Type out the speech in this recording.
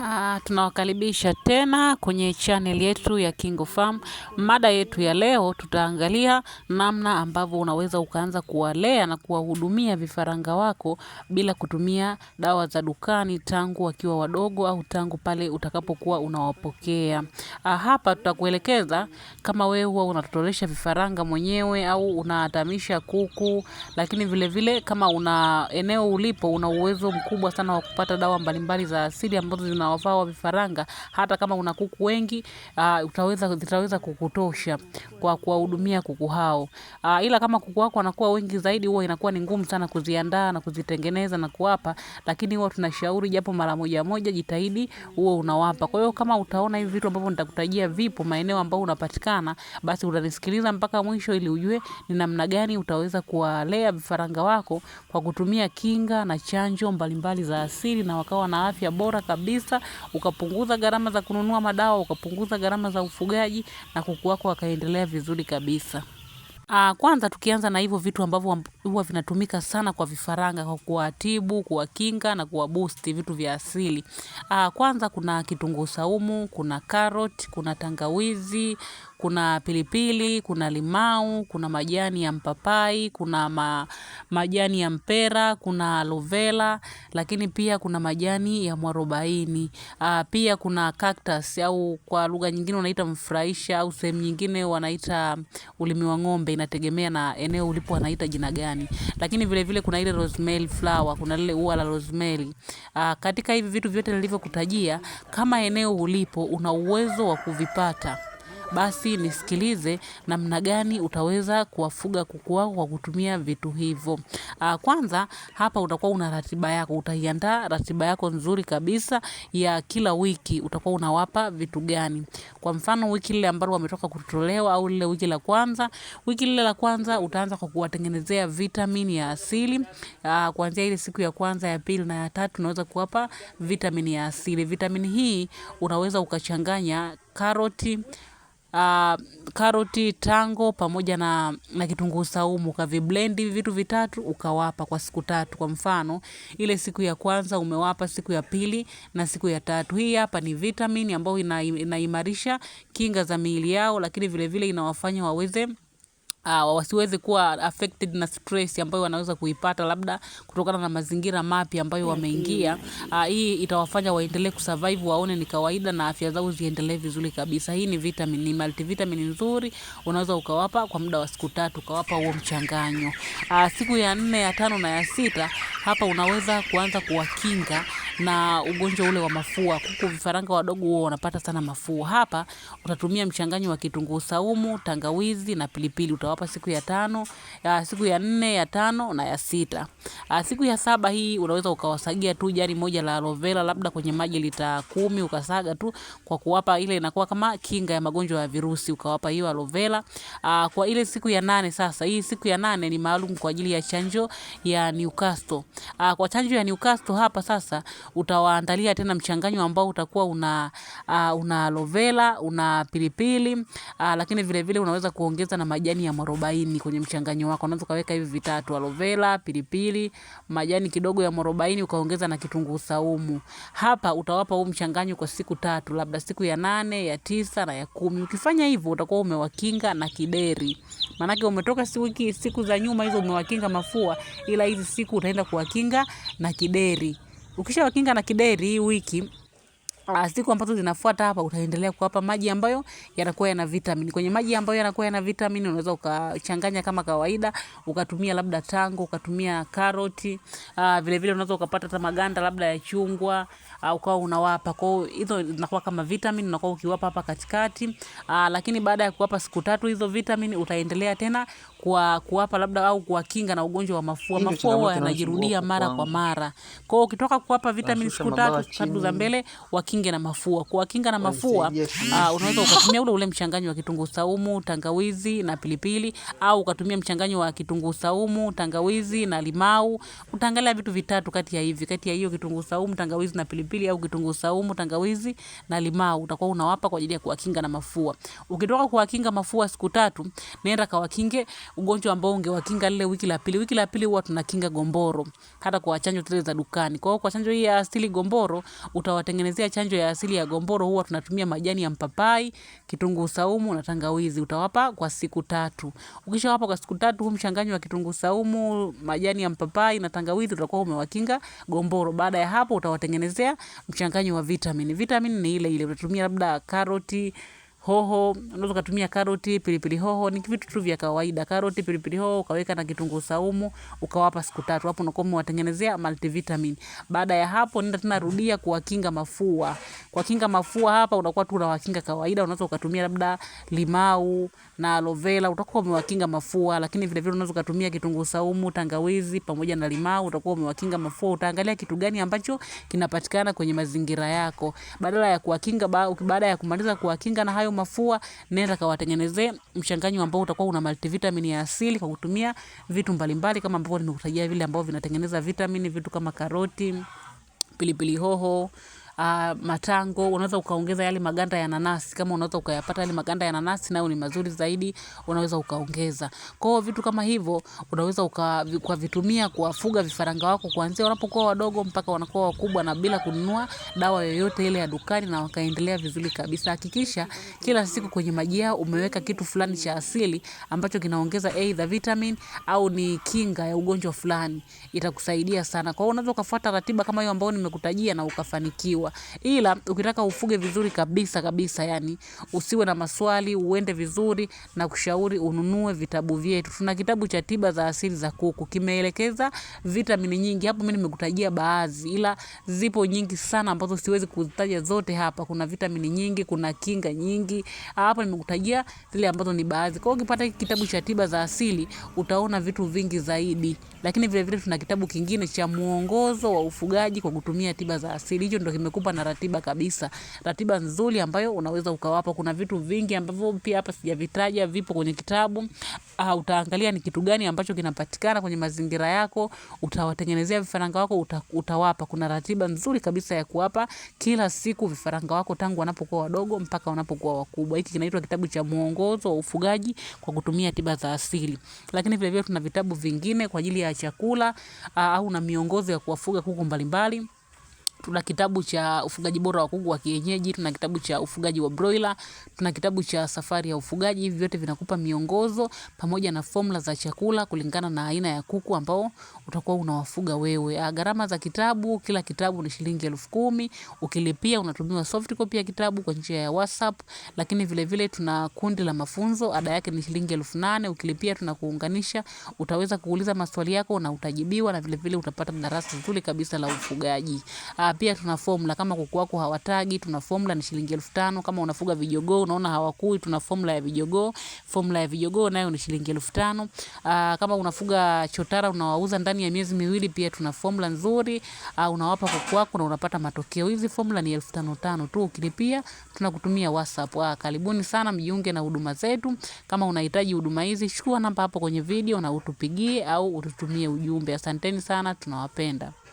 Uh, tunawakaribisha tena kwenye channel yetu ya Kingo Farm. Mada yetu ya leo tutaangalia namna ambavyo unaweza ukaanza kuwalea na kuwahudumia vifaranga wako bila kutumia dawa za dukani tangu wakiwa wadogo au tangu pale utakapokuwa unawapokea. Ah, hapa tutakuelekeza kama wewe huwa unatotolesha vifaranga mwenyewe au unaatamisha kuku, lakini vile vile kama una eneo ulipo una uwezo mkubwa sana wa kupata dawa mbalimbali za asili ambazo zina unaovaa vifaranga, hata kama una kuku wengi uh, utaweza zitaweza kukutosha kwa kuwahudumia kuku hao. Uh, ila kama kuku wako wanakuwa wengi zaidi, huwa inakuwa ni ngumu sana kuziandaa na kuzitengeneza na kuwapa, lakini huwa tunashauri japo mara moja moja, jitahidi huwa unawapa. Kwa hiyo kama utaona hivi vitu ambavyo nitakutajia vipo maeneo ambayo unapatikana, basi utanisikiliza mpaka mwisho ili ujue ni namna gani utaweza kuwalea vifaranga wako kwa kutumia kinga na chanjo mbalimbali mbali za asili na wakawa na afya bora kabisa kupata, ukapunguza gharama za kununua madawa, ukapunguza gharama za ufugaji na kuku wako wakaendelea vizuri kabisa. Aa, ah, kwanza tukianza na hivyo vitu ambavyo huwa vinatumika sana kwa vifaranga kwa kuwatibu, kuwakinga na kuwabusti vitu vya asili. Aa, ah, kwanza kuna kitunguu saumu, kuna karoti, kuna tangawizi, kuna pilipili, kuna limau, kuna majani ya mpapai, kuna ma, majani ya mpera, kuna aloe vera, lakini pia kuna majani ya mwarobaini. Uh, pia kuna cactus au kwa lugha nyingine wanaita mfurahisha au sehemu nyingine wanaita ulimi wa ng'ombe, inategemea na eneo ulipo wanaita jina gani. Lakini vile vile kuna ile rosemary flower, kuna lile ua la rosemary. Uh, katika hivi vitu vyote nilivyokutajia, kama eneo ulipo una uwezo wa kuvipata basi nisikilize namna gani utaweza kuwafuga kuku wako kwa kutumia vitu hivyo. Uh, kwanza hapa utakuwa una ratiba yako, utaiandaa ratiba yako nzuri kabisa ya kila wiki utakuwa unawapa vitu gani. Kwa mfano wiki lile ambalo wametoka kutolewa au lile wiki la kwanza, wiki lile la kwanza utaanza kwa kuwatengenezea vitamini ya asili. uh, kuanzia ile siku ya kwanza, ya pili na ya tatu unaweza kuwapa vitamini ya asili. Vitamini hii unaweza ukachanganya karoti Ah, karoti, tango, pamoja na, na kitunguu saumu. Ukaviblendi vitu vitatu, ukawapa kwa siku tatu. Kwa mfano, ile siku ya kwanza umewapa, siku ya pili na siku ya tatu. Hii hapa ni vitamini ambayo inaimarisha kinga za miili yao, lakini vile vile inawafanya waweze Uh, wasiweze kuwa affected na stress ambayo wanaweza kuipata labda kutokana na mazingira mapya ambayo wameingia. Uh, hii itawafanya waendelee kusurvive, waone ni kawaida na afya zao ziendelee vizuri kabisa. Hii ni vitamin, ni multivitamin nzuri, unaweza ukawapa kwa muda wa siku tatu, ukawapa huo mchanganyo. Uh, siku ya nne, ya tano na ya sita, hapa unaweza kuanza kuwakinga na ugonjwa ule wa mafua. Kuku vifaranga wadogo huwa wanapata sana mafua. Hapa utatumia mchanganyo wa kitunguu saumu, tangawizi na pilipili. Utawapa siku ya tano, ya siku ya nne, ya tano na ya sita. Ah, siku ya saba hii unaweza ukawasagia tu jani moja la aloe vera labda kwenye maji lita kumi ukasaga tu kwa kuwapa, ile inakuwa kama kinga ya magonjwa ya virusi, ukawapa hiyo aloe vera. Ah, kwa ile siku ya nane sasa, hii siku ya nane ni maalum kwa ajili ya chanjo ya Newcastle. Ah, kwa chanjo ya Newcastle hapa sasa utawaandalia tena mchanganyo ambao utakuwa una, uh, una aloe vera, una pilipili uh, lakini vile vile unaweza kuongeza na majani ya mwarobaini kwenye mchanganyo wako. Unaweza kaweka hivi vitatu: aloe vera, pilipili, majani kidogo ya mwarobaini, ukaongeza na kitunguu saumu. Hapa utawapa huu mchanganyo kwa siku tatu, labda siku ya nane, ya tisa na ya kumi. Ukifanya hivyo utakuwa umewakinga na kideri, maanake umetoka siku siku za nyuma hizo umewakinga mafua, ila hizi siku utaenda kuwakinga na kideri. Ukisha wakinga na kideri hii wiki ah, siku ambazo zinafuata hapa utaendelea kuwapa maji ambayo yanakuwa yana vitamini. Kwenye maji ambayo yanakuwa yana vitamini unaweza ukachanganya kama kawaida, ukatumia labda tango, ukatumia karoti, uh, vile vile unaweza ukapata hata maganda labda ya chungwa, uh, ukawa unawapa. Kwa hiyo hizo zinakuwa kama vitamini unakuwa ukiwapa hapa katikati. Uh, lakini baada ya kuwapa siku tatu hizo vitamini utaendelea tena kwa kuwapa labda au kuwakinga na ugonjwa wa mafua. Mafua huwa yanajirudia mara kwa mara. Kwa hiyo ukitoka kuwapa vitamini siku tatu tatu za mbele, wakinge na mafua. Kuwakinga na mafua, uh, unaweza ukatumia ule ule mchanganyo wa kitunguu saumu, tangawizi na pilipili au ukatumia mchanganyo wa kitunguu saumu, tangawizi na limau. Utaangalia vitu vitatu kati ya hivi, kati ya hiyo kitunguu saumu, tangawizi na pilipili au kitunguu saumu, tangawizi na limau. Utakuwa unawapa kwa ajili ya kuwakinga na mafua. Ukitoka kuwakinga mafua siku tatu, nenda kawakinge ugonjwa ambao ungewakinga lile wiki la pili. Wiki la pili huwa tunakinga gomboro hata kwa chanjo zile za dukani. Kwa hiyo kwa chanjo hii ya asili gomboro, utawatengenezea chanjo ya asili ya gomboro. Huwa tunatumia majani ya mpapai, kitunguu saumu na tangawizi. Utawapa kwa siku tatu. Ukishawapa kwa siku tatu, huu mchanganyo wa kitunguu saumu, majani ya mpapai na tangawizi utakuwa umewakinga gomboro. Baada ya hapo, utawatengenezea mchanganyo wa vitamini. Vitamini ni ile ile utatumia labda karoti hoho, unaweza kutumia karoti, pilipili hoho, ni vitu tu vya kawaida. Karoti, pilipili hoho, ukaweka na kitunguu saumu, ukawapa siku tatu. Hapo unakuwa umewatengenezea multivitamin. Baada ya hapo, nenda tena rudia kuwakinga mafua. Kwa kinga mafua hapa unakuwa tu unawakinga kawaida, unaweza ukatumia labda limau na aloe vera, utakuwa umewakinga mafua, lakini vile vile unaweza kutumia kitunguu saumu, tangawizi pamoja na limau, utakuwa umewakinga mafua. Utaangalia kitu gani ambacho kinapatikana kwenye mazingira yako badala ya kuwakinga, baada ya kumaliza kuwakinga na hayo mafua, nenda kawatengenezee mchanganyo ambao utakuwa una multivitamin ya asili kwa kutumia vitu mbalimbali kama ambavyo nimekutajia vile ambavyo vinatengeneza vitamini, vitu kama karoti, pilipili hoho uh, matango, unaweza ukaongeza yale maganda ya nanasi, kama unaweza ukayapata yale maganda ya nanasi nayo ni mazuri zaidi, unaweza ukaongeza. Kwa hiyo vitu kama hivyo unaweza ukavitumia kuwafuga vifaranga wako kuanzia wanapokuwa wadogo mpaka wanakuwa wakubwa na bila kununua dawa yoyote ile ya dukani na wakaendelea vizuri kabisa. Hakikisha kila siku kwenye maji yao umeweka kitu fulani cha asili ambacho kinaongeza aidha vitamin au ni kinga ya ugonjwa fulani. Itakusaidia sana. Kwa hiyo unaweza ukafuata ratiba kama hiyo ambayo nimekutajia na ukafanikiwa unajua. Ila ukitaka ufuge vizuri kabisa kabisa, yani usiwe na maswali, uende vizuri na kushauri ununue vitabu vyetu. Tuna kitabu cha tiba za asili za kuku, kimeelekeza vitamini nyingi. Hapo mimi nimekutajia baadhi, ila zipo nyingi sana ambazo siwezi kuzitaja zote hapa. Kuna vitamini nyingi, kuna kinga nyingi. Hapo nimekutajia zile ambazo ni baadhi. Kwa hiyo ukipata kitabu cha tiba za asili utaona vitu vingi zaidi, lakini vile vile tuna kitabu kingine cha muongozo wa ufugaji kwa kutumia tiba za asili, hicho ndio kime nimekupa na ratiba kabisa, ratiba nzuri ambayo unaweza ukawapa. Kuna vitu vingi ambavyo pia hapa sijavitaja, vipo kwenye kitabu. Uh, utaangalia ni kitu gani ambacho kinapatikana kwenye mazingira yako, utawatengenezea vifaranga wako uta, utawapa. Kuna ratiba nzuri kabisa ya kuwapa kila siku vifaranga wako tangu wanapokuwa wadogo mpaka wanapokuwa wakubwa. Hiki kinaitwa kitabu cha mwongozo wa ufugaji kwa kutumia tiba za asili, lakini vilevile tuna vitabu vingine kwa ajili ya chakula uh, au na miongozo ya kuwafuga kuku mbalimbali mbali tuna kitabu cha ufugaji bora wa kuku wa kienyeji, tuna kitabu cha ufugaji wa broiler, tuna kitabu cha safari ya ufugaji. Hivi vyote vinakupa miongozo pamoja na formula za chakula kulingana na aina ya kuku ambao utakuwa unawafuga wewe. Ah, gharama za kitabu, kila kitabu ni shilingi elfu kumi. Ukilipia unatumiwa soft copy ya kitabu kwa njia ya WhatsApp, lakini vile vile tuna kundi la mafunzo, ada yake ni shilingi elfu nane. Ukilipia tunakuunganisha, utaweza kuuliza maswali yako na utajibiwa na vile vile utapata darasa zuri kabisa la ufugaji. Ah, Ah, pia tuna formula kama kuku wako hawatagi, tuna formula ni shilingi elfu tano. Kama unafuga vijogoo unaona hawakui, tuna formula ya vijogoo. Formula ya vijogoo nayo ni shilingi elfu tano. Ah, kama unafuga chotara unawauza ndani ya miezi miwili, pia tuna formula nzuri ah, unawapa kuku wako na unapata matokeo. Hizi formula ni elfu tano tano tu, ukilipia tunakutumia WhatsApp. Karibuni sana mjiunge na huduma zetu. Kama unahitaji huduma hizi, chukua namba hapo kwenye video na utupigie au ututumie ujumbe. Asanteni sana, tunawapenda.